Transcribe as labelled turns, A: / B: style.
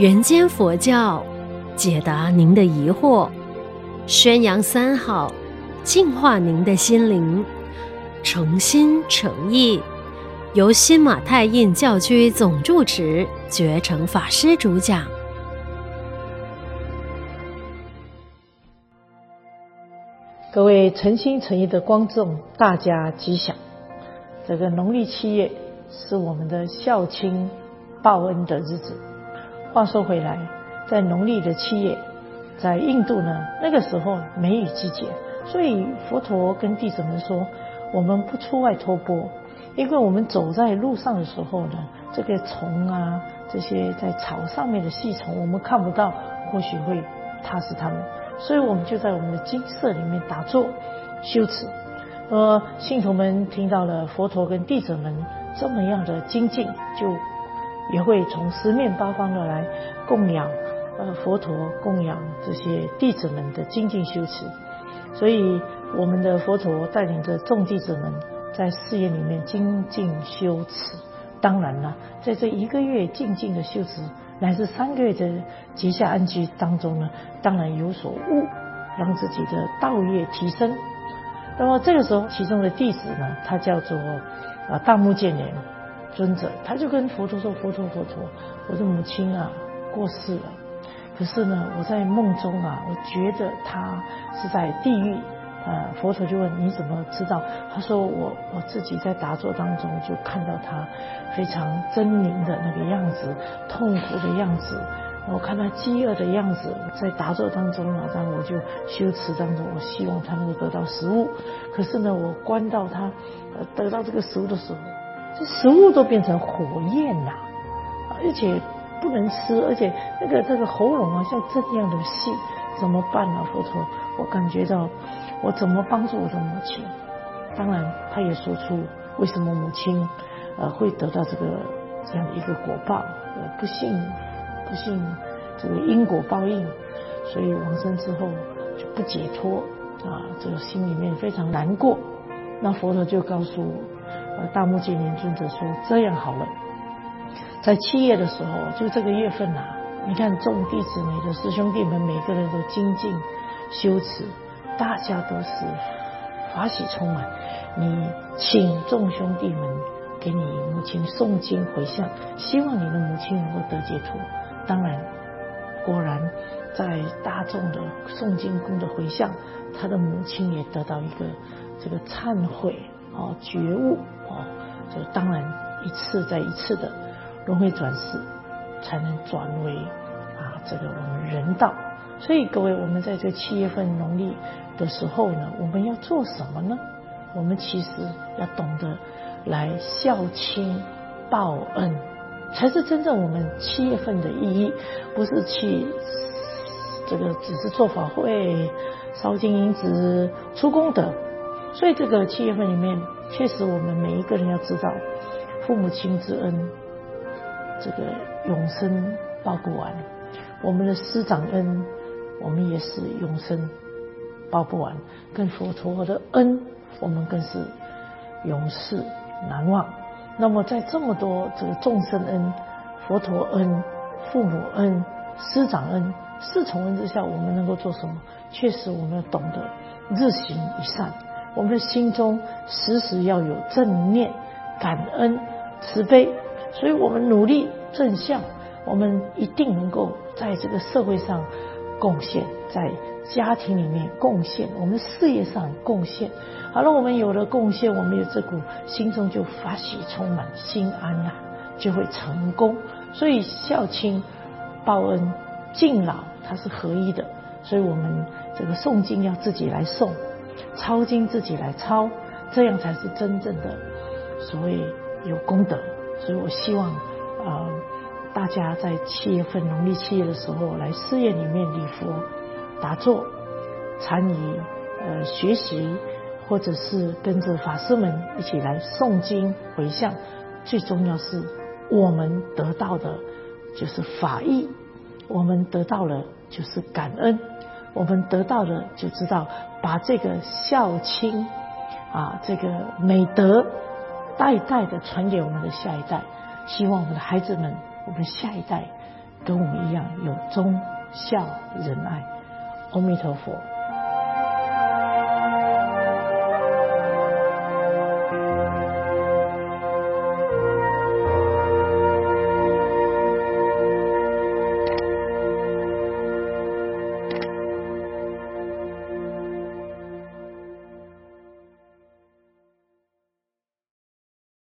A: 人間佛教，解答您的疑惑，宣揚三好，淨化您的心靈，誠心誠意，由新馬泰印教區總住持覺誠法師主講。各位誠心誠意的觀眾，大家吉祥。這個農曆七月是我們的孝親報恩的日子。話說回來，在農曆的七月，在印度呢，那個時候梅雨季節，所以佛陀跟弟子們說，我們不出外托缽，因為我們走在路上的時候呢，這個蟲啊，這些在草上面的細蟲，我們看不到，或許會踏死它們，所以我們就在我們的精舍裡面打坐修持。呃，而信徒們聽到了佛陀跟弟子們這麼樣的精進，就。也會從十面八方的來供養，呃，佛陀供養這些弟子們的精進修持，所以我們的佛陀帶領着眾弟子們在寺院裡面精進修持。當然了、啊，在這一個月靜靜的修持，乃至三個月的結夏安居當中呢，當然有所悟，讓自己的道業提升。那麼這個時候，其中的弟子呢，他叫做大目犍連。尊者，他就跟佛陀說：“佛陀，佛陀，我的母親啊，過世了。可是呢，我在夢中啊，我覺得他是在地獄啊。”佛陀就問：“你怎麼知道？”他說我：“我我自己在打坐當中就看到他非常猙獰的那個樣子，痛苦的樣子，我看他飢餓的樣子，在打坐當中啊，但我就修持當中，我希望他能夠得到食物。可是呢，我觀到他得到這個食物的時候。”這食物都變成火焰了，而且不能吃，而且那個這個喉嚨啊像這樣的細，怎麼辦呢、啊？佛陀，我感覺到我怎麼幫助我的母親？當然，他也說出為什麼母親呃會得到這個這樣一個果報，呃，不幸，不幸，這個因果報應，所以往生之後就不解脫啊，這、呃、個心裡面非常難過。那佛陀就告訴我。而大目犍連尊者說：“這樣好了，在七月的時候，就這個月份吶、啊，你看眾弟子、每個師兄弟們，每個人都精進修持，大家都是法喜充滿。你請眾兄弟們給你母親誦經回向，希望你的母親能夠得解脫。當然，果然在大眾的誦經功的回向，他的母親也得到一個這個懺悔。”哦，覺悟哦，就當然一次再一次的輪迴轉世，才能轉為啊這個我們人道。所以各位，我們在這個七月份農曆的時候呢，我們要做什麼呢？我們其實要懂得來孝親報恩，才是真正我們七月份的意義，不是去這個只是做法會燒金銀紙出功德。所以，這個七月份裡面，確實我們每一個人要知道，父母親之恩，這個永生報不完；我們的師長恩，我們也是永生報不完；跟佛陀的恩，我們更是永世難忘。那麼，在這麼多這個眾生恩、佛陀恩、父母恩、師長恩、四重恩之下，我們能夠做什麼？確實，我們要懂得日行一善。我們的心中時時要有正念、感恩、慈悲，所以我們努力正向，我們一定能夠在這個社會上貢獻，在家庭裡面貢獻，我們事業上貢獻。好了，我們有了貢獻，我們有這股心中就法喜充滿心安吶、啊，就會成功。所以孝親、報恩、敬老，它是合一的。所以我們這個誦經要自己來誦。抄經自己來抄，這樣才是真正的所謂有功德。所以我希望，呃，大家在七月份農曆七月的時候來寺院裡面禮佛、打坐、參與呃學習，或者是跟着法師們一起來誦經迴向。最重要是，我們得到的就是法益，我們得到了就是感恩。我們得到的就知道，把這個孝親啊，這個美德代代的傳給我們的下一代，希望我們的孩子們，我們下一代跟我們一樣有忠孝仁愛。阿彌陀佛。